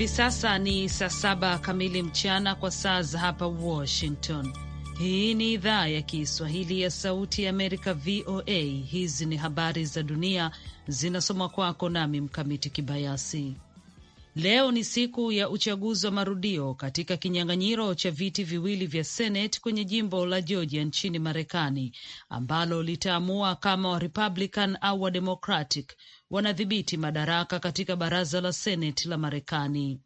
Hivi sasa ni saa saba kamili mchana kwa saa za hapa Washington. Hii ni idhaa ya Kiswahili ya Sauti ya Amerika, VOA. Hizi ni habari za dunia zinasoma kwako nami Mkamiti Kibayasi. Leo ni siku ya uchaguzi wa marudio katika kinyang'anyiro cha viti viwili vya Senate kwenye jimbo la Georgia nchini Marekani, ambalo litaamua kama Republican au Wademocratic wanadhibiti madaraka katika baraza la seneti la Marekani.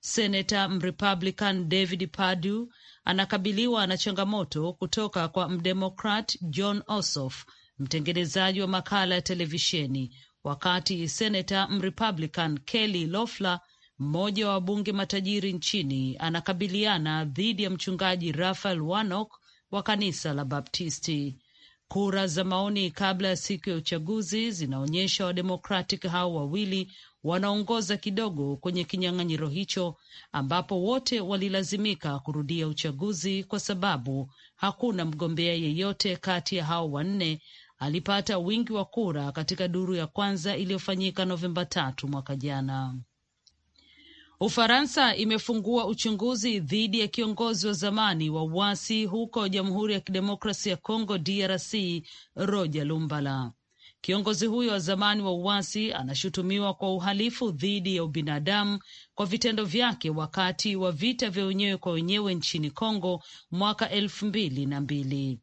Senata Mrepublican David padu anakabiliwa na changamoto kutoka kwa Mdemokrat John Ossoff, mtengenezaji wa makala ya televisheni, wakati senata Mrepublican Kelly Loeffler, mmoja wa wabunge matajiri nchini, anakabiliana dhidi ya mchungaji rafael Warnock wa kanisa la Baptisti. Kura za maoni kabla ya siku ya uchaguzi zinaonyesha Wademokratic hao wawili wanaongoza kidogo kwenye kinyang'anyiro hicho, ambapo wote walilazimika kurudia uchaguzi kwa sababu hakuna mgombea yeyote kati ya hao wanne alipata wingi wa kura katika duru ya kwanza iliyofanyika Novemba tatu mwaka jana. Ufaransa imefungua uchunguzi dhidi ya kiongozi wa zamani wa uasi huko Jamhuri ya Kidemokrasi ya Kongo DRC Roger Lumbala. Kiongozi huyo wa zamani wa uasi anashutumiwa kwa uhalifu dhidi ya ubinadamu kwa vitendo vyake wakati wa vita vya wenyewe kwa wenyewe nchini Kongo mwaka elfu mbili na mbili.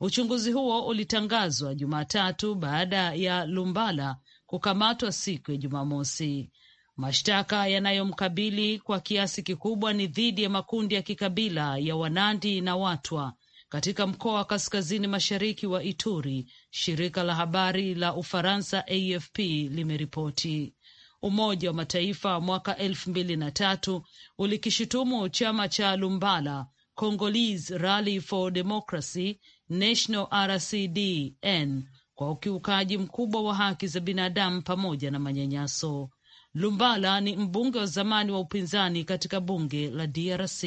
Uchunguzi huo ulitangazwa Jumatatu baada ya Lumbala kukamatwa siku ya Jumamosi. Mashtaka yanayomkabili kwa kiasi kikubwa ni dhidi ya makundi ya kikabila ya Wanandi na Watwa katika mkoa wa kaskazini mashariki wa Ituri, shirika la habari la Ufaransa AFP limeripoti. Umoja wa Mataifa mwaka elfu mbili na tatu ulikishutumu chama cha Lumbala Congolese Rally for Democracy National RCDN kwa ukiukaji mkubwa wa haki za binadamu pamoja na manyanyaso. Lumbala ni mbunge wa zamani wa upinzani katika bunge la DRC.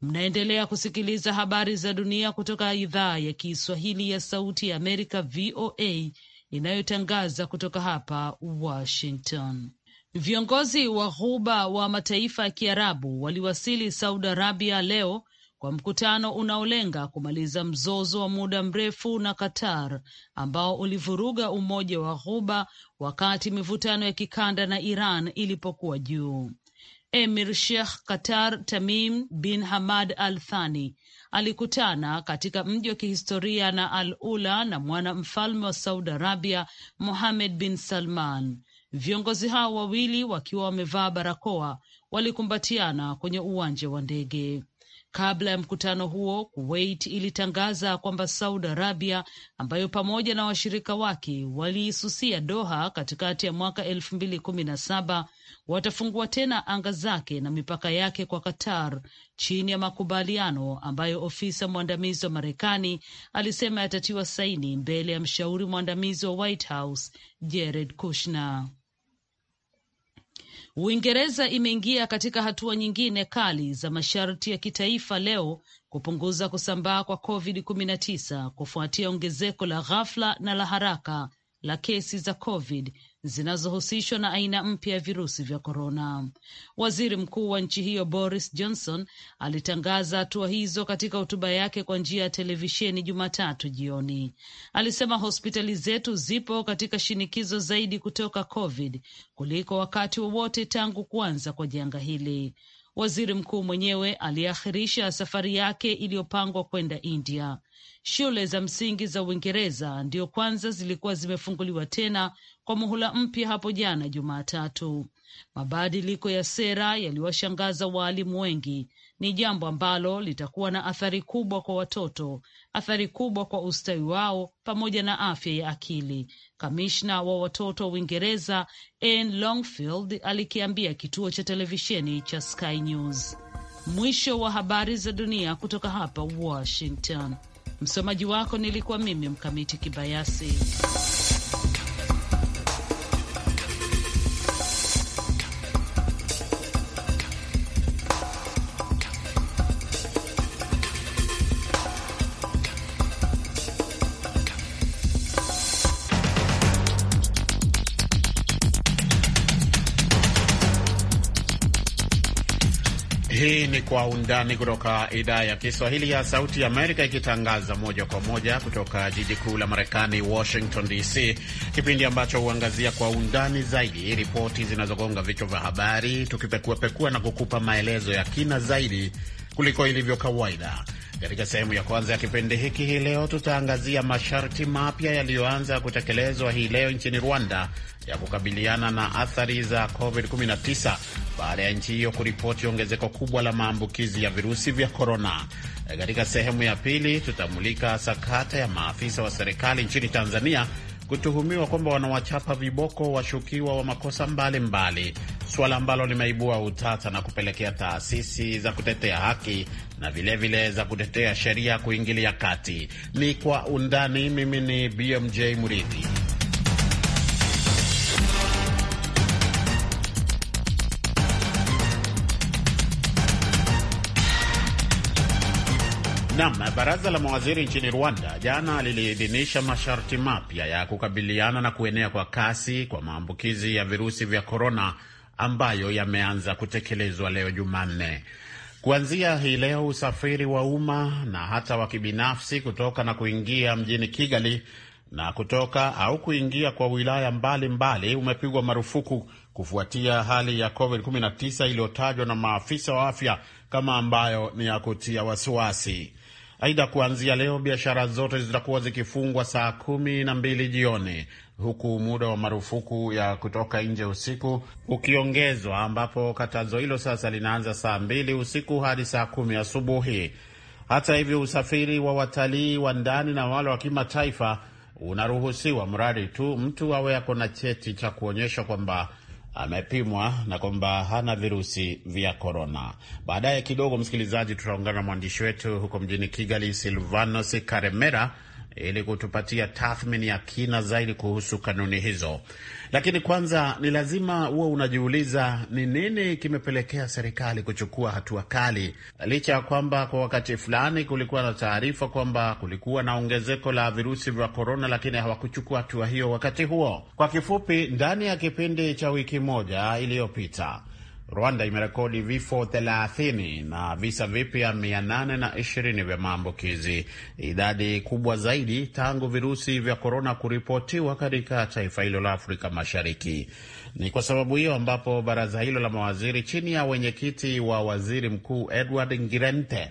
Mnaendelea kusikiliza habari za dunia kutoka idhaa ya Kiswahili ya Sauti ya Amerika, VOA, inayotangaza kutoka hapa Washington. Viongozi wa Ghuba wa mataifa ya Kiarabu waliwasili Saudi Arabia leo kwa mkutano unaolenga kumaliza mzozo wa muda mrefu na Qatar ambao ulivuruga umoja wa Ghuba wakati mivutano ya kikanda na Iran ilipokuwa juu. Emir Sheikh Qatar Tamim bin Hamad Al Thani alikutana katika mji wa kihistoria na Al Ula na mwana mfalme wa Saudi Arabia Mohammed bin Salman. Viongozi hao wawili wakiwa wamevaa barakoa walikumbatiana kwenye uwanja wa ndege. Kabla ya mkutano huo, Kuwait ilitangaza kwamba Saudi Arabia, ambayo pamoja na washirika wake waliisusia Doha katikati ya mwaka elfu mbili kumi na saba watafungua tena anga zake na mipaka yake kwa Qatar chini ya makubaliano ambayo ofisa mwandamizi wa Marekani alisema yatatiwa saini mbele ya mshauri mwandamizi wa White House Jared Kushner. Uingereza imeingia katika hatua nyingine kali za masharti ya kitaifa leo kupunguza kusambaa kwa COVID-19 kufuatia ongezeko la ghafla na la haraka la kesi za COVID zinazohusishwa na aina mpya ya virusi vya korona. Waziri mkuu wa nchi hiyo Boris Johnson alitangaza hatua hizo katika hotuba yake kwa njia ya televisheni Jumatatu jioni. Alisema hospitali zetu zipo katika shinikizo zaidi kutoka COVID kuliko wakati wowote tangu kuanza kwa janga hili. Waziri mkuu mwenyewe aliahirisha safari yake iliyopangwa kwenda India. Shule za msingi za Uingereza ndio kwanza zilikuwa zimefunguliwa tena kwa muhula mpya hapo jana Jumatatu. Mabadiliko ya sera yaliwashangaza waalimu wengi. Ni jambo ambalo litakuwa na athari kubwa kwa watoto, athari kubwa kwa ustawi wao pamoja na afya ya akili, kamishna wa watoto wa Uingereza Anne Longfield alikiambia kituo cha televisheni cha Sky News. Mwisho wa habari za dunia kutoka hapa Washington. Msomaji wako nilikuwa mimi Mkamiti Kibayasi. Kwa Undani kutoka idhaa ya Kiswahili ya Sauti ya Amerika, ikitangaza moja kwa moja kutoka jiji kuu la Marekani, Washington DC, kipindi ambacho huangazia kwa undani zaidi ripoti zinazogonga vichwa vya habari, tukipekuapekua na kukupa maelezo ya kina zaidi kuliko ilivyo kawaida. Katika sehemu ya kwanza ya kipindi hiki hii leo tutaangazia masharti mapya yaliyoanza kutekelezwa hii leo nchini Rwanda ya kukabiliana na athari za COVID-19 baada ya nchi hiyo kuripoti ongezeko kubwa la maambukizi ya virusi vya korona. Katika sehemu ya pili tutamulika sakata ya maafisa wa serikali nchini Tanzania kutuhumiwa kwamba wanawachapa viboko washukiwa wa makosa mbalimbali mbali suala ambalo limeibua utata na kupelekea taasisi za kutetea haki na vilevile vile za kutetea sheria kuingilia kati. Ni kwa undani. Mimi ni BMJ Muridhi. Nam, baraza la mawaziri nchini Rwanda jana liliidhinisha masharti mapya ya kukabiliana na kuenea kwa kasi kwa maambukizi ya virusi vya korona ambayo yameanza kutekelezwa leo Jumanne. Kuanzia hii leo usafiri wa umma na hata wa kibinafsi kutoka na kuingia mjini Kigali na kutoka au kuingia kwa wilaya mbalimbali umepigwa marufuku kufuatia hali ya COVID-19 iliyotajwa na maafisa wa afya kama ambayo ni ya kutia wasiwasi. Aidha, kuanzia leo biashara zote zitakuwa zikifungwa saa kumi na mbili jioni huku muda wa marufuku ya kutoka nje usiku ukiongezwa, ambapo katazo hilo sasa linaanza saa mbili usiku hadi saa kumi asubuhi. Hata hivyo, usafiri wa watalii wa ndani na wale wa kimataifa unaruhusiwa mradi tu mtu awe ako na cheti cha kuonyesha kwamba amepimwa na kwamba hana virusi vya korona. Baadaye kidogo, msikilizaji, tutaungana na mwandishi wetu huko mjini Kigali, Silvanos Karemera ili kutupatia tathmini ya kina zaidi kuhusu kanuni hizo. Lakini kwanza ni lazima huwa unajiuliza ni nini kimepelekea serikali kuchukua hatua kali, licha ya kwamba kwa wakati fulani kulikuwa na taarifa kwamba kulikuwa na ongezeko la virusi vya korona, lakini hawakuchukua hatua hiyo wakati huo. Kwa kifupi, ndani ya kipindi cha wiki moja iliyopita Rwanda imerekodi vifo 30 na visa vipya 820 vya maambukizi, idadi kubwa zaidi tangu virusi vya korona kuripotiwa katika taifa hilo la Afrika Mashariki. Ni kwa sababu hiyo ambapo baraza hilo la mawaziri chini ya wenyekiti wa waziri mkuu Edward Ngirente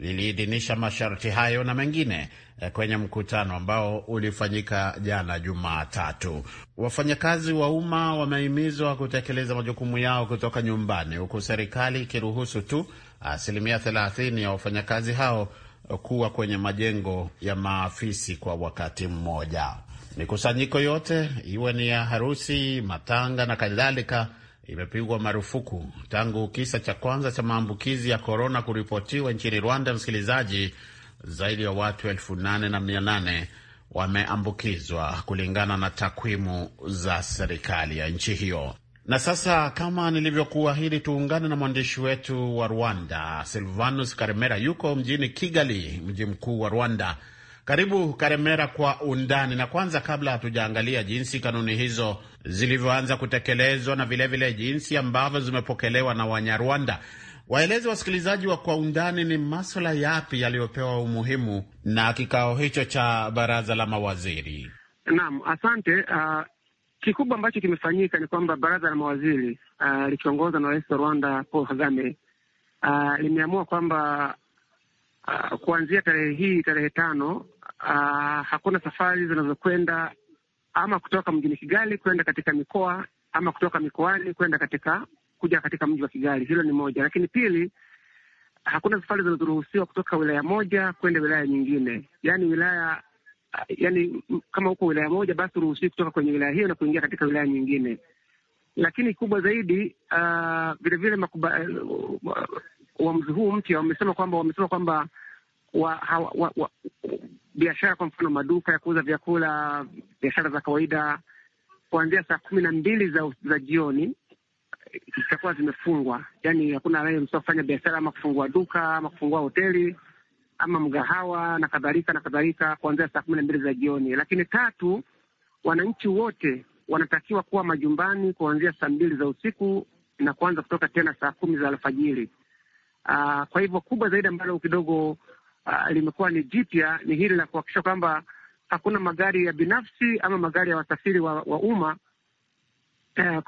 liliidhinisha masharti hayo na mengine Eh, kwenye mkutano ambao ulifanyika jana Jumatatu. Wafanyakazi wa umma wamehimizwa kutekeleza majukumu yao kutoka nyumbani, huku serikali ikiruhusu tu asilimia thelathini ya wafanyakazi hao kuwa kwenye majengo ya maafisi kwa wakati mmoja. Mikusanyiko yote iwe ni ya harusi, matanga na kadhalika imepigwa marufuku tangu kisa cha kwanza cha maambukizi ya korona kuripotiwa nchini Rwanda, msikilizaji zaidi ya watu elfu nane na mia nane wameambukizwa kulingana na takwimu za serikali ya nchi hiyo. Na sasa kama nilivyokuahidi, tuungane na mwandishi wetu wa Rwanda Silvanus Karemera, yuko mjini Kigali, mji mkuu wa Rwanda. Karibu Karemera kwa undani. Na kwanza, kabla hatujaangalia jinsi kanuni hizo zilivyoanza kutekelezwa na vilevile vile jinsi ambavyo zimepokelewa na Wanyarwanda, Waeleze wasikilizaji wa kwa undani ni maswala yapi yaliyopewa umuhimu na kikao hicho cha baraza la mawaziri. Naam, asante. Uh, kikubwa ambacho kimefanyika ni kwamba baraza la mawaziri uh, likiongozwa na rais wa Rwanda Paul Kagame uh, limeamua kwamba uh, kuanzia tarehe hii tarehe tano uh, hakuna safari zinazokwenda ama kutoka mjini Kigali kwenda katika mikoa ama kutoka mikoani kwenda katika kuja katika mji wa Kigali. Hilo ni moja, lakini pili, hakuna safari zinazoruhusiwa kutoka wilaya moja kwenda wilaya nyingine, yaani wilaya yani kama huko wilaya moja basi uruhusiwi kutoka kwenye wilaya hiyo na kuingia katika wilaya nyingine. Lakini kubwa zaidi vilevile, ah, uh, uamuzi huu mpya wamesema kwamba wamesema kwamba wa, wa, wa, wa, biashara kwa mfano maduka ya kuuza vyakula, biashara za kawaida kuanzia saa kumi na mbili za, za jioni zitakuwa zimefungwa, yani hakuna raia msa kufanya biashara ama kufungua duka ama kufungua hoteli ama mgahawa na kadhalika na kadhalika, kuanzia saa kumi na mbili za jioni. Lakini tatu, wananchi wote wanatakiwa kuwa majumbani kuanzia saa mbili za usiku na kuanza kutoka tena saa kumi za alfajiri. Uh, kwa hivyo kubwa zaidi ambalo kidogo uh, limekuwa ni jipya ni hili la kuhakikisha kwamba hakuna magari ya binafsi ama magari ya wasafiri wa, wa umma uh,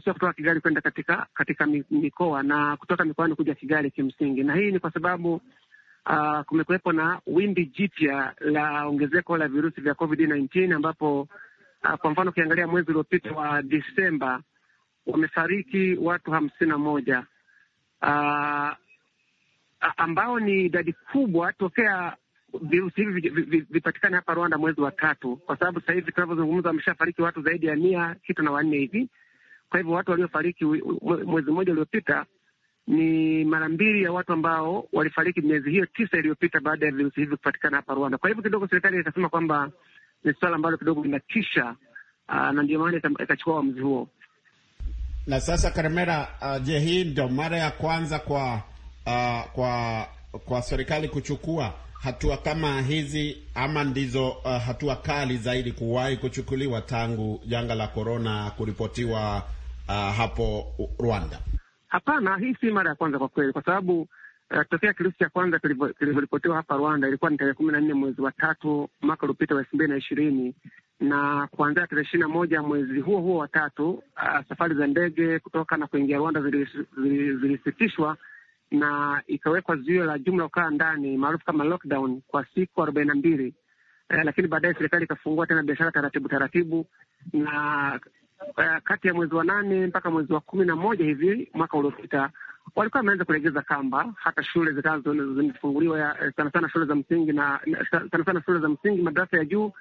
kutoka Kigali kwenda katika katika mikoa na kutoka mikoani kuja Kigali kimsingi, na hii ni kwa sababu uh, kumekuwepo na wimbi jipya la ongezeko la virusi vya COVID-19 ambapo uh, kwa mfano ukiangalia mwezi uliopita wa Disemba wamefariki watu hamsini na moja uh, ambao ni idadi kubwa tokea virusi hivi vipatikane hapa Rwanda mwezi wa tatu, kwa sababu sasa hivi tunavyozungumza wameshafariki watu zaidi ya mia sita na wanne hivi. Kwa hivyo watu waliofariki mwezi mmoja uliopita ni mara mbili ya watu ambao walifariki miezi hiyo tisa iliyopita baada ya virusi hivi kupatikana hapa Rwanda. Kwa hivyo kidogo serikali ikasema kwamba ni swala ambalo kidogo linatisha, ah, na ndio maana ikachukua uamuzi huo. Na sasa Karemera, uh, je, hii ndio mara ya kwanza kwa uh, kwa kwa serikali kuchukua hatua kama hizi ama ndizo uh, hatua kali zaidi kuwahi kuchukuliwa tangu janga la korona kuripotiwa uh, hapo Rwanda? Hapana, hii si mara ya kwanza kwa kweli, kwa sababu uh, tokea kirusi cha kwanza kilivyoripotiwa hapa Rwanda ilikuwa ni tarehe kumi na nne mwezi wa tatu mwaka uliopita wa elfu mbili na ishirini na kuanzia tarehe ishirini na moja mwezi huo huo wa tatu uh, safari za ndege kutoka na kuingia Rwanda zilisitishwa zili, zili na ikawekwa zuio la jumla kukaa ndani maarufu kama lockdown kwa siku arobaini na mbili. Eh, lakini baadaye serikali ikafungua tena biashara taratibu taratibu, na eh, kati ya mwezi wa nane mpaka mwezi wa kumi na moja hivi mwaka uliopita walikuwa wameanza kulegeza kamba. Hata shule zikazo zimefunguliwa, eh, sana sana shule za msingi na sana sana shule za msingi, madarasa ya juu,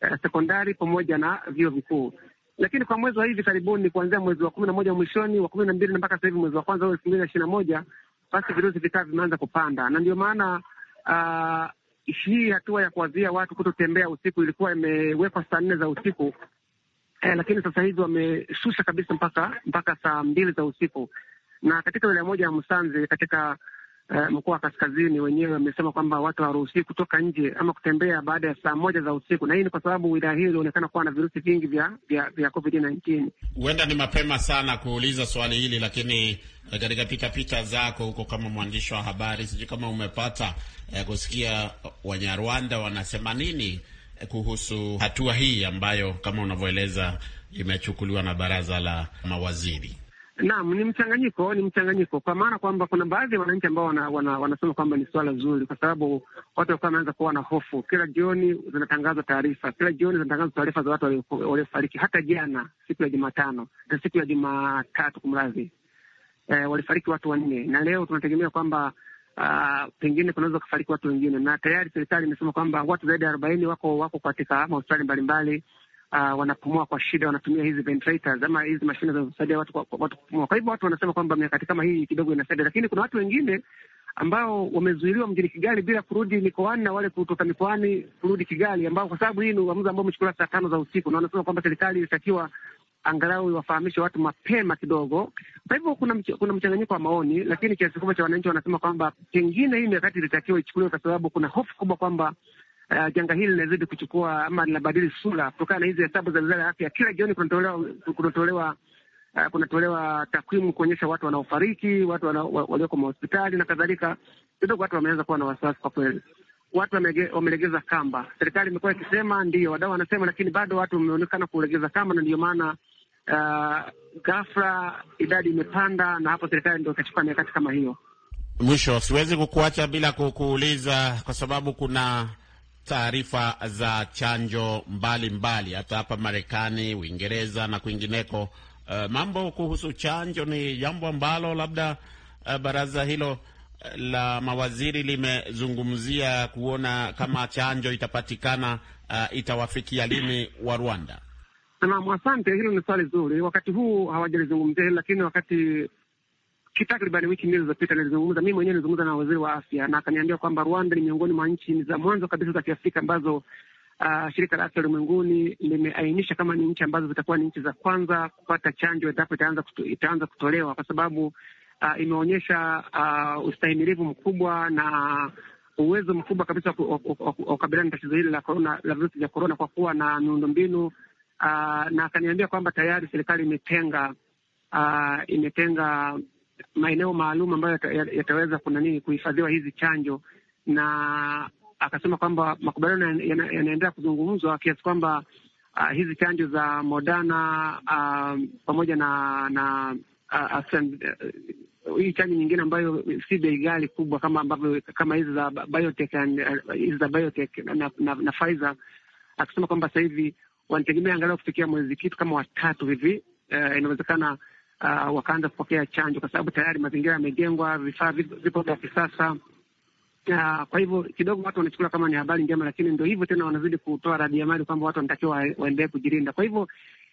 eh, sekondari pamoja na vyuo vikuu. Lakini kwa mwezi wa hivi karibuni, kuanzia mwezi wa kumi na moja mwishoni wa kumi na mbili na mpaka sasa hivi mwezi wa kwanza elfu mbili na ishirini na moja basi virusi vikaa vimeanza kupanda, na ndio maana uh, hii hatua ya kuwazia watu kutotembea usiku ilikuwa imewekwa saa nne za usiku eh, lakini sasa hivi wameshusha kabisa mpaka mpaka saa mbili za usiku. Na katika wilaya moja ya Msanzi katika uh, mkoa wa kaskazini wenyewe wamesema kwamba watu hawaruhusiwi kutoka nje ama kutembea baada ya saa moja za usiku, na hii ni kwa sababu wilaya hiyo ilionekana kuwa na virusi vingi vya vya, vya COVID-19. Huenda ni mapema sana kuuliza swali hili, lakini eh, katika pitapita zako huko kama mwandishi wa habari, sijui kama umepata eh, kusikia Wanyarwanda wanasema nini eh, kuhusu hatua hii ambayo kama unavyoeleza imechukuliwa na baraza la mawaziri. Naam, ni mchanganyiko, ni mchanganyiko kwa maana kwamba kuna baadhi ya wananchi ambao wana, wana, wanasema kwamba ni swala zuri, kwa sababu watu walikuwa wameanza kuwa na hofu. Kila jioni zinatangazwa taarifa, kila jioni zinatangazwa taarifa za watu waliofariki. Hata jana siku ya Jumatano na siku ya Jumatatu kumradhi, e, walifariki watu wanne, na leo tunategemea kwamba Uh, pengine kunaweza kufariki watu wengine, na tayari serikali imesema kwamba watu zaidi ya arobaini wako wako katika mahospitali mbalimbali uh, wanapumua kwa shida, wanatumia hizi ventilators ama hizi mashine zinazosaidia watu, watu kupumua. Kwa hivyo watu wanasema kwamba mikakati kama hii kidogo inasaidia, lakini kuna watu wengine ambao wamezuiliwa mjini Kigali bila kurudi mikoani na wale kutoka mikoani kurudi Kigali, ambao kwa sababu hii ni uamuzi ambao umechukuliwa saa tano za usiku, na wanasema kwamba serikali ilitakiwa angalau iwafahamishe watu mapema kidogo. Kwa hivyo kuna mch kuna mchanganyiko wa maoni, lakini kiasi kikubwa cha wananchi wanasema kwamba pengine hii mikakati ilitakiwa ichukuliwe, kwa sababu kuna hofu kubwa kwamba uh, janga hili linazidi kuchukua ama linabadili sura kutokana na hizi hesabu za wizara ya afya. Kila jioni kunatolewa kunatolewa uh, kunatolewa takwimu kuonyesha watu wanaofariki, watu wana, walioko mahospitali na kadhalika. Kidogo watu wameanza kuwa na wasiwasi kwa kweli, watu wamelegeza kamba. Serikali imekuwa ikisema ndio wadau wanasema, lakini bado watu wameonekana kulegeza kamba, na ndio maana uh, ghafla idadi imepanda, na hapo serikali ndio ikachukua mikakati kama hiyo. Mwisho, siwezi kukuacha bila kukuuliza, kwa sababu kuna taarifa za chanjo mbalimbali mbali, hata hapa Marekani, Uingereza na kwingineko. Uh, mambo kuhusu chanjo ni jambo ambalo labda uh, baraza hilo eh, la mawaziri limezungumzia kuona kama chanjo itapatikana uh, itawafikia lini wa Rwanda. Naam, asante. Hilo ni swali zuri. Wakati huu hawajalizungumzia hili, lakini wakati takriban wiki mbili zilizopita nilizungumza mimi mwenyewe, nilizungumza na waziri wa afya na akaniambia kwamba Rwanda ni miongoni mwa nchi za mwanzo kabisa za Kiafrika ambazo uh, shirika la afya ulimwenguni limeainisha kama ni nchi ambazo zitakuwa ni nchi za kwanza kupata chanjo endapo itaanza kuto, itaanza kutolewa kwa sababu uh, imeonyesha uh, ustahimilivu mkubwa na uwezo mkubwa kabisa wa kukabiliana na tatizo hili la corona, la virusi vya korona kwa kuwa na miundombinu uh, na akaniambia kwamba tayari serikali imetenga uh, imetenga maeneo maalum ambayo yataweza yata kuna nini kuhifadhiwa hizi chanjo, na akasema kwamba makubaliano yanaendelea kuzungumzwa kiasi kwamba uh, hizi chanjo za Moderna uh, pamoja na na uh, hii chanjo nyingine ambayo si bei ghali kubwa kama ambavyo kama hizi za biotech and e, hizi za biotech na, na, na Pfizer, kwamba sasa hivi wanategemea angalau kufikia mwezi kitu kama watatu hivi. Uh, inawezekana uh, wakaanza kupokea chanjo, kwa sababu tayari mazingira yamejengwa, vifaa vipo vya kisasa. Uh, kwa hivyo kidogo watu wanachukula kama ni habari njema, lakini ndo hivyo tena, wanazidi kutoa radi ya mali kwamba watu wanatakiwa waendelee kujilinda. Kwa hivyo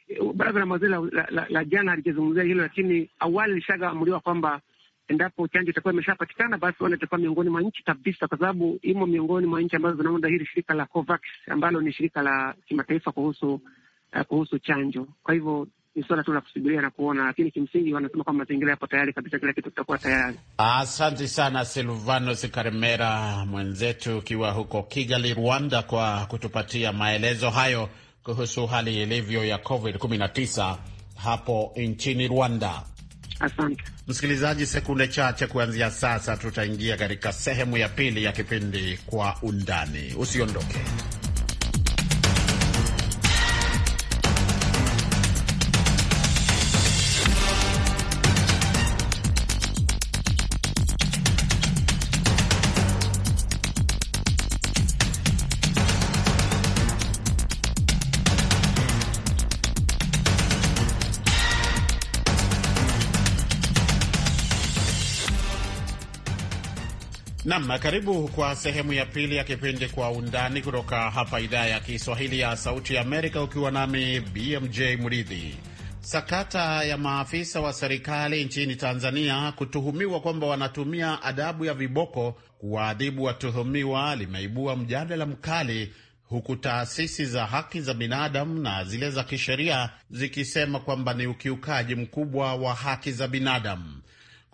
eh, baraza la mawaziri la, la, la, jana halijazungumzia hilo, lakini awali lishagaamuliwa kwamba endapo chanjo itakuwa imeshapatikana basi ona itakuwa miongoni mwa nchi kabisa, kwa sababu imo miongoni mwa nchi ambazo zinaunda hili shirika la COVAX ambalo ni shirika la kimataifa kuhusu uh, kuhusu chanjo. Kwa hivyo ni swala tu la kusubiria na kuona, lakini kimsingi wanasema kwamba mazingira yapo tayari kabisa, kila kitu kitakuwa tayari. Asante sana Silvanos Karemera mwenzetu ukiwa huko Kigali, Rwanda, kwa kutupatia maelezo hayo kuhusu hali ilivyo ya COVID-19 hapo nchini Rwanda. Asante msikilizaji. Sekunde chache kuanzia sasa, tutaingia katika sehemu ya pili ya kipindi Kwa Undani. Usiondoke. okay. Nam, karibu kwa sehemu ya pili ya kipindi Kwa Undani kutoka hapa idhaa ya Kiswahili ya Sauti ya Amerika, ukiwa nami BMJ Mridhi. Sakata ya maafisa wa serikali nchini Tanzania kutuhumiwa kwamba wanatumia adabu ya viboko kuwaadhibu watuhumiwa limeibua mjadala mkali huku taasisi za haki za binadamu na zile za kisheria zikisema kwamba ni ukiukaji mkubwa wa haki za binadamu.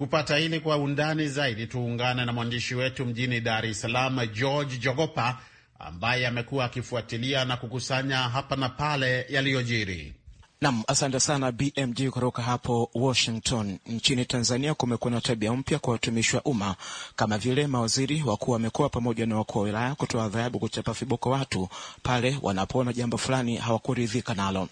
Kupata hili kwa undani zaidi, tuungane na mwandishi wetu mjini Dar es Salaam, George Jogopa, ambaye amekuwa akifuatilia na kukusanya hapa na pale yaliyojiri. Nam, asante sana BMG kutoka hapo Washington. Nchini Tanzania kumekuwa na tabia mpya kwa watumishi wa umma kama vile mawaziri wakuu wa mikoa pamoja na wakuu wa wilaya kutoa adhabu kuchapa viboko watu pale wanapoona jambo fulani hawakuridhika nalo.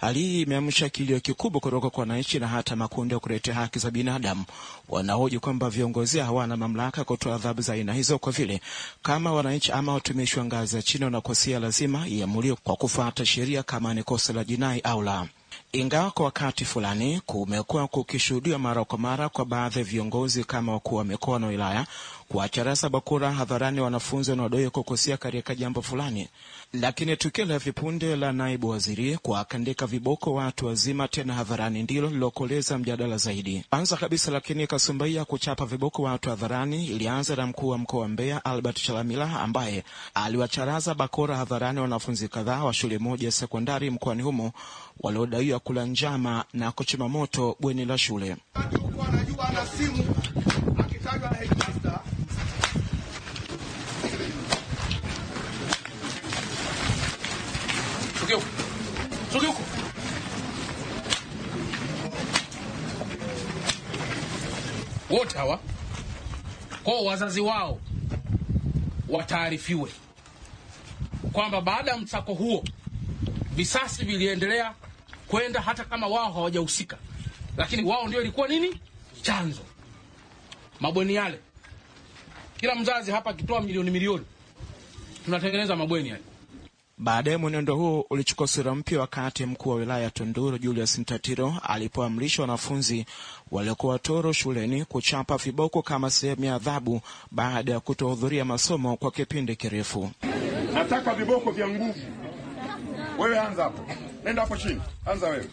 Hali hii imeamsha kilio kikubwa kutoka kwa wananchi na hata makundi ya kuletea haki za binadamu, wanahoji kwamba viongozi hawana mamlaka kutoa adhabu za aina hizo, kwa vile kama wananchi ama watumishi wa ngazi ya chini wanakosea, lazima iamuliwe kwa kufuata sheria kama ni kosa la jinai au la. Ingawa kwa wakati fulani kumekuwa kukishuhudiwa mara kwa mara kwa baadhi ya viongozi kama wakuu wa mikoa na wilaya kuwacharasa bakora hadharani wanafunzi wanaodaiwa kukosia katika jambo fulani. Lakini tukio la vipunde la naibu waziri kuwakandika viboko watu wazima tena hadharani ndilo lilokoleza mjadala zaidi. Kwanza kabisa, lakini kasumbaia kuchapa viboko watu hadharani ilianza na mkuu wa mkoa wa Mbeya Albert Chalamila ambaye aliwacharaza bakora hadharani wanafunzi kadhaa wa shule moja ya sekondari mkoani humo waliodaiwa kula njama na kuchoma moto bweni la shule. Anajua, simu Sogea Wote hawa kwa wazazi wao wataarifiwe kwamba baada ya msako huo visasi viliendelea kwenda hata kama wao hawajahusika, lakini wao ndio ilikuwa nini chanzo. Mabweni yale, kila mzazi hapa akitoa milioni milioni, tunatengeneza mabweni yale. Baadaye mwenendo huo ulichukua sura mpya wakati mkuu wa wilaya ya Tunduru Julius Mtatiro alipoamrisha wanafunzi waliokuwa toro shuleni kuchapa viboko kama sehemu ya adhabu baada ya kutohudhuria masomo kwa kipindi kirefu. Nataka viboko vya nguvu. Wewe anza hapo, nenda hapo chini, anza wewe.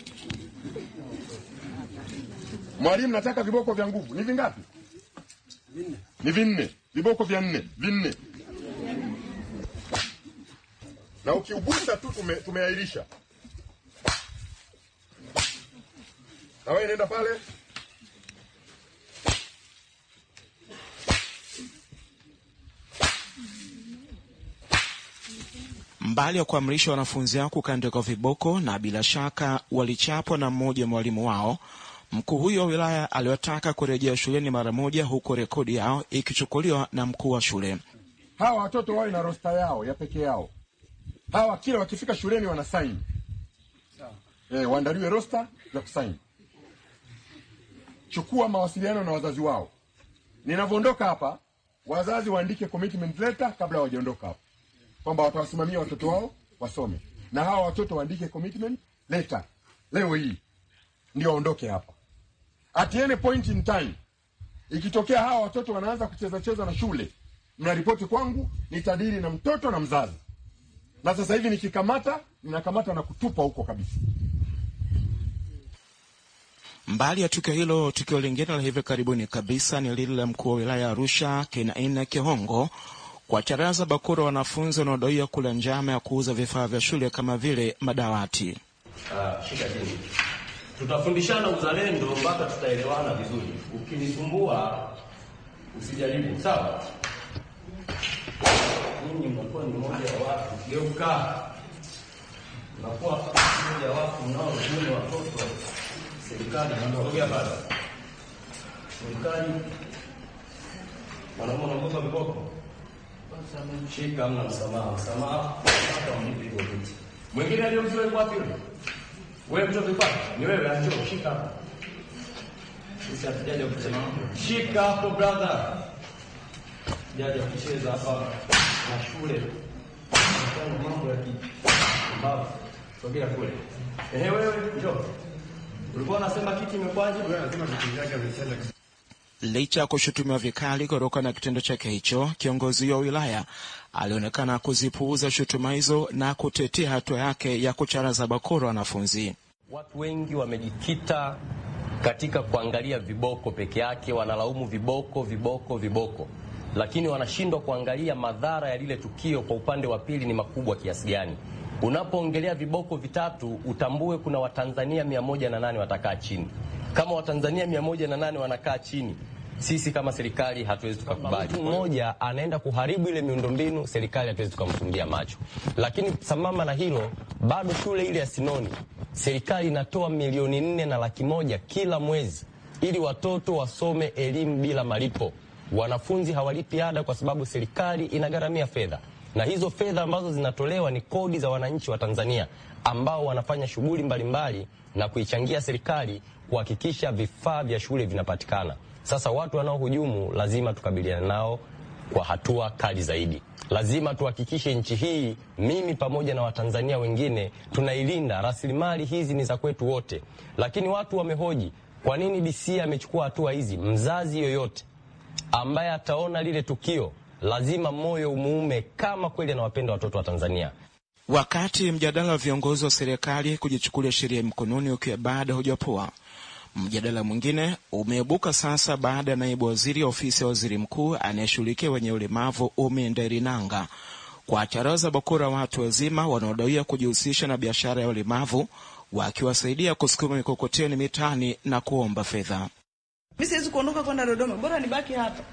Mwalimu, nataka viboko vya nguvu. Ni vingapi? Vinne. Ni vinne, viboko vya nne, vinne na ukiugusa tu tume, tumeairisha. Na wewe nenda pale mbali ya kuamrisha wanafunzi wao kukandikwa viboko na bila shaka walichapwa na mmoja mwalimu wao. Mkuu huyo wa wilaya aliwataka kurejea shuleni mara moja, huku rekodi yao ikichukuliwa na mkuu wa shule. Hawa watoto wawe na rosta yao ya peke yao hawa kila wakifika shuleni wana saini eh, waandaliwe rosta za kusaini. Chukua mawasiliano na wazazi wao. Ninavyoondoka hapa, wazazi waandike commitment letter kabla hawajaondoka hapa, kwamba watawasimamia watoto wao wasome, na hawa watoto waandike commitment letter leo hii ndio waondoke hapa. At any point in time, ikitokea hawa watoto wanaanza kucheza cheza na shule, mnaripoti kwangu, nitadili na mtoto na mzazi na sasa hivi nikikamata, ninakamata na kutupa huko kabisa. Mbali ya tukio hilo, tukio lingine la hivi karibuni kabisa ni lile la mkuu wa wilaya ya Arusha kenaina Kihongo kuwacharaza bakura wanafunzi wanaodaiwa kula njama ya kuuza vifaa vya shule kama vile madawati. Uh, tutafundishana uzalendo mpaka tutaelewana vizuri. Ukinisumbua usijaribu, sawa? mimi mnakuwa ni mmoja wa watu. Geuka, mnakuwa mmoja wa watu mnaozuni watoto. Serikali ndio bado, serikali wanaume wanaogopa mikopo. Basi amemshika, mna msamaha, msamaha hata mlipe hiyo viti. Mwingine aliyomzoea kwa yule? Wewe mtoto mpaka ni wewe, acho shika hapo. Sisi hatujaja kusema Shika hapo brother. Jaja kucheza hapa na shule kufanya mambo ya kipumbavu. Sogea kule. Ehe, wewe njoo. Ulikuwa unasema kiti imekwaje? Wewe unasema kiti yake amesema. Licha ya kushutumiwa vikali kutoka na kitendo chake hicho, kiongozi wa wilaya alionekana kuzipuuza shutuma hizo na kutetea hatua yake ya kucharaza bakora wanafunzi. Watu wengi wamejikita katika kuangalia viboko peke yake, wanalaumu viboko, viboko, viboko lakini wanashindwa kuangalia madhara ya lile tukio kwa upande wa pili ni makubwa kiasi gani. Unapoongelea viboko vitatu, utambue kuna Watanzania mia moja na nane watakaa chini. Kama Watanzania mia moja na nane wanakaa chini sisi kama serikali hatuwezi tukakubali. Mtu mmoja anaenda kuharibu ile miundombinu, serikali hatuwezi tukamfumbia macho. Lakini sambamba na hilo, bado shule ile ya Sinoni, serikali inatoa milioni nne na laki moja kila mwezi ili watoto wasome elimu bila malipo wanafunzi hawalipi ada kwa sababu serikali inagharamia fedha, na hizo fedha ambazo zinatolewa ni kodi za wananchi wa Tanzania ambao wanafanya shughuli mbalimbali na kuichangia serikali kuhakikisha vifaa vya shule vinapatikana. Sasa watu wanaohujumu lazima tukabiliane nao kwa hatua kali zaidi. Lazima tuhakikishe nchi hii, mimi pamoja na Watanzania wengine, tunailinda. Rasilimali hizi ni za kwetu wote, lakini watu wamehoji kwa nini DC amechukua hatua hizi. Mzazi yoyote ambaye ataona lile tukio lazima moyo umuume kama kweli anawapenda watoto wa Tanzania. Wakati mjadala wa viongozi wa serikali kujichukulia sheria mkononi ukiwa baada hujapoa, mjadala mwingine umeibuka sasa baada ya naibu waziri wa ofisi ya waziri mkuu anayeshughulikia wenye ulemavu Umi Nderinanga kuwacharaza bakora watu wazima wanaodaiwa kujihusisha na biashara ya ulemavu wakiwasaidia kusukuma mikokoteni mitaani na kuomba fedha. Mi siwezi kuondoka kwenda Dodoma, bora nibaki hapa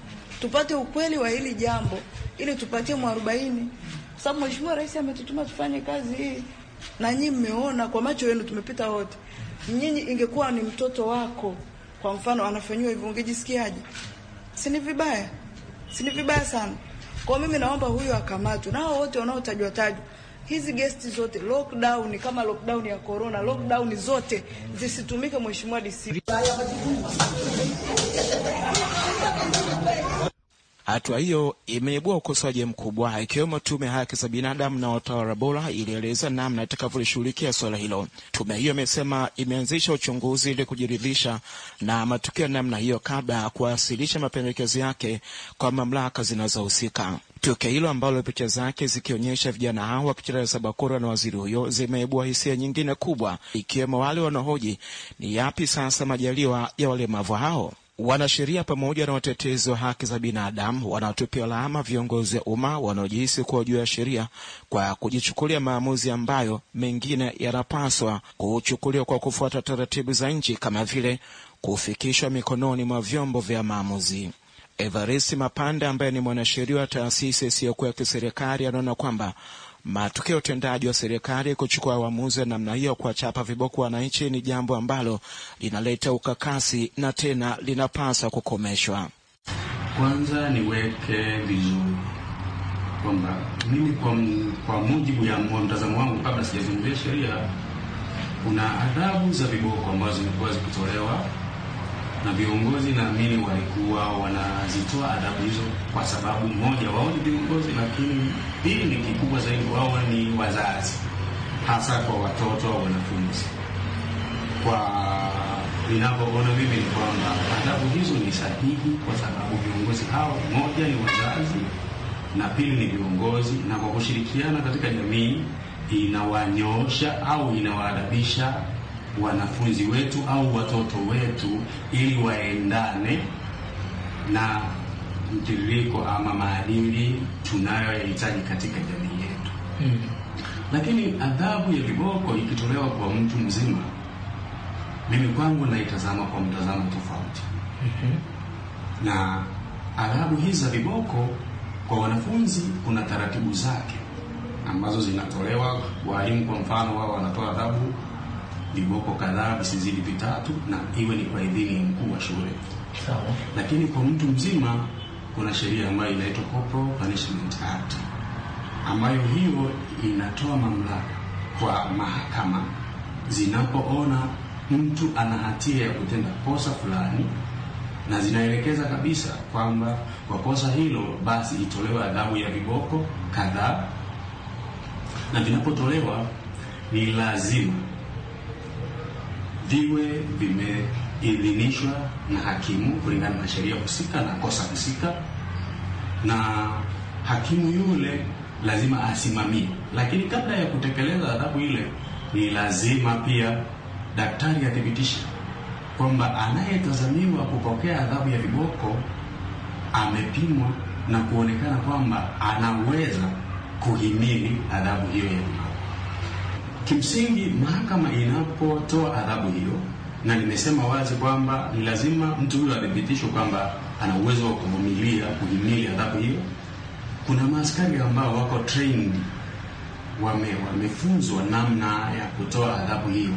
tupate ukweli wa hili jambo ili tupatie mwarobaini, kwa sababu Mheshimiwa Rais ametutuma tufanye kazi hii na nyinyi mmeona kwa macho yenu, tumepita wote. Nyinyi ingekuwa ni mtoto wako kwa mfano anafanyiwa hivyo, ungejisikiaje? Si ni vibaya, si ni vibaya sana. Kwa mimi naomba huyo akamatwe nao wote wanaotajwa tajwa hizi gesti zote lockdown, kama lockdown ya corona, lockdown zote zisitumike, mheshimiwa DC. Hatua hiyo imeibua ukosoaji mkubwa, ikiwemo tume ya haki za binadamu na watawala bora ilieleza namna itakavyolishughulikia suala hilo. Tume hiyo imesema imeanzisha uchunguzi ili kujiridhisha na matukio ya namna hiyo kabla ya kuwasilisha mapendekezo yake kwa mamlaka zinazohusika. Tukio hilo ambalo picha zake zikionyesha vijana hao wakicheza sabakora na waziri huyo zimeibua hisia nyingine kubwa, ikiwemo wale wanaohoji ni yapi sasa majaliwa ya walemavu hao. Wanasheria pamoja na watetezi wa haki za binadamu wanaotupia laama viongozi wa umma wanaojihisi kuwa juu ya sheria kwa kujichukulia maamuzi ambayo mengine yanapaswa kuchukuliwa kwa kufuata taratibu za nchi kama vile kufikishwa mikononi mwa vyombo vya maamuzi. Evarist Mapanda ambaye ni mwanasheria wa taasisi isiyokuwa ya kiserikali anaona kwamba matukio ya utendaji wa serikali kuchukua uamuzi wa namna hiyo kuwachapa viboko wananchi ni jambo ambalo linaleta ukakasi na tena linapasa kukomeshwa. Kwanza niweke vizuri kwamba mimi kwa, kwa mujibu ya mtazamo wangu, kabla sijazungumzia sheria, kuna adhabu za viboko ambazo zimekuwa zikitolewa na viongozi naamini walikuwa wanazitoa adhabu hizo kwa sababu moja, wao ni viongozi, lakini pili ni kikubwa zaidi, wao ni wazazi, hasa kwa watoto au wanafunzi. Kwa inavyoona mimi ni kwamba adhabu hizo ni sahihi, kwa sababu viongozi hao moja ni wazazi na pili ni viongozi, na kwa kushirikiana katika jamii inawanyoosha au inawaadabisha wanafunzi wetu au watoto wetu ili waendane na mtiririko ama maadili tunayoyahitaji katika jamii yetu. Mm. Lakini adhabu ya viboko ikitolewa kwa mtu mzima, mimi kwangu naitazama kwa mtazamo tofauti. Mm -hmm. Na adhabu hizi za viboko kwa wanafunzi kuna taratibu zake ambazo zinatolewa. Walimu kwa mfano, wao wanatoa adhabu viboko kadhaa visizidi vitatu, na iwe ni kwa idhini ya mkuu wa shule. Sawa. Lakini kwa mtu mzima kuna sheria ambayo inaitwa Corporal Punishment Act ambayo hiyo inatoa mamlaka kwa mahakama zinapoona mtu ana hatia ya kutenda kosa fulani, na zinaelekeza kabisa kwamba kwa kosa hilo basi itolewe adhabu ya viboko kadhaa, na vinapotolewa ni lazima viwe vimeidhinishwa na hakimu kulingana na sheria husika na kosa husika, na hakimu yule lazima asimamie. Lakini kabla ya kutekeleza adhabu ile, ni lazima pia daktari athibitishe kwamba anayetazamiwa kupokea adhabu ya viboko amepimwa na kuonekana kwamba anaweza kuhimili adhabu hiyo ya viboko. Kimsingi, mahakama inapotoa adhabu hiyo, na nimesema wazi kwamba ni lazima mtu huyo athibitishwe kwamba ana uwezo wa kuvumilia, kuhimili adhabu hiyo. Kuna maaskari ambao wako trained wame, wamefunzwa namna ya kutoa adhabu hiyo.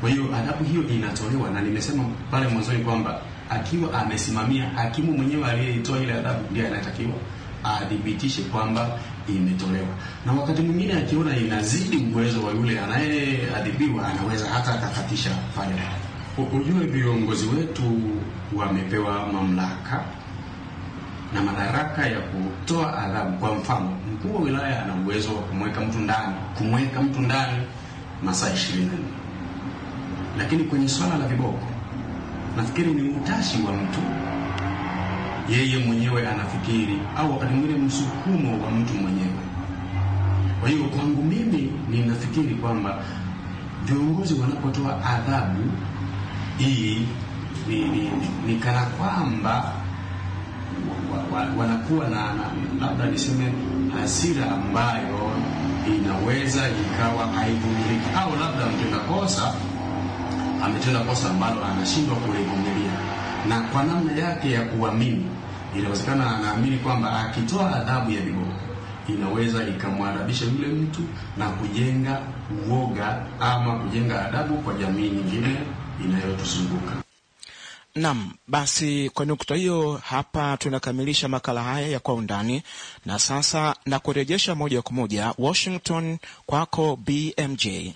Kwa hiyo adhabu hiyo inatolewa, na nimesema pale mwanzoni kwamba akiwa amesimamia hakimu mwenyewe aliyeitoa ile adhabu, ndiye anatakiwa athibitishe kwamba imetolewa. Na wakati mwingine akiona inazidi uwezo wa yule anayeadhibiwa, anaweza hata akakatisha faida. Ujue viongozi wetu wamepewa mamlaka na madaraka ya kutoa adhabu. Kwa mfano, mkuu wa wilaya ana uwezo wa kumweka mtu ndani kumweka mtu ndani masaa ishirini na nne, lakini kwenye swala la viboko nafikiri ni utashi wa mtu yeye mwenyewe anafikiri, au wakati mwingine msukumo wa mtu mwenyewe. Kwa hiyo kwangu mimi ninafikiri kwamba viongozi wanapotoa adhabu hii ni, ni, ni kana kwamba wa, wa, wanakuwa na, na labda niseme hasira ambayo inaweza ikawa haivumiliki, au labda mtenda kosa ametenda kosa ambalo anashindwa kulivumilika na kwa namna yake ya kuamini, inawezekana anaamini kwamba akitoa adhabu ya vigogo inaweza ikamwadabisha yule mtu na kujenga uoga ama kujenga adabu kwa jamii nyingine inayotuzunguka. Naam, basi kwa nukta hiyo hapa tunakamilisha makala haya ya kwa undani, na sasa na kurejesha moja kwa moja Washington kwako BMJ.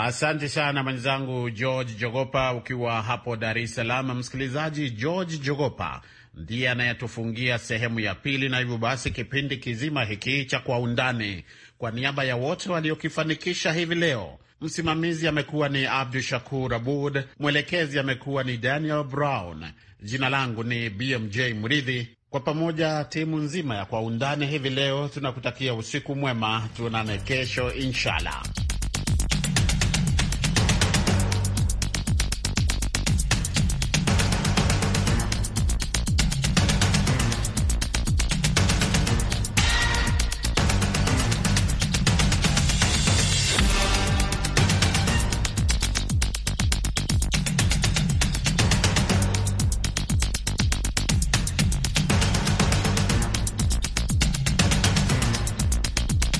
Asante sana mwenzangu George Jogopa, ukiwa hapo Dar es Salaam. Msikilizaji, George Jogopa ndiye anayetufungia sehemu ya pili, na hivyo basi kipindi kizima hiki cha Kwa Undani, kwa niaba ya wote waliokifanikisha hivi leo, msimamizi amekuwa ni Abdu Shakur Abud, mwelekezi amekuwa ni Daniel Brown, jina langu ni BMJ Mridhi. Kwa pamoja timu nzima ya Kwa Undani hivi leo tunakutakia usiku mwema, tuonane kesho inshallah.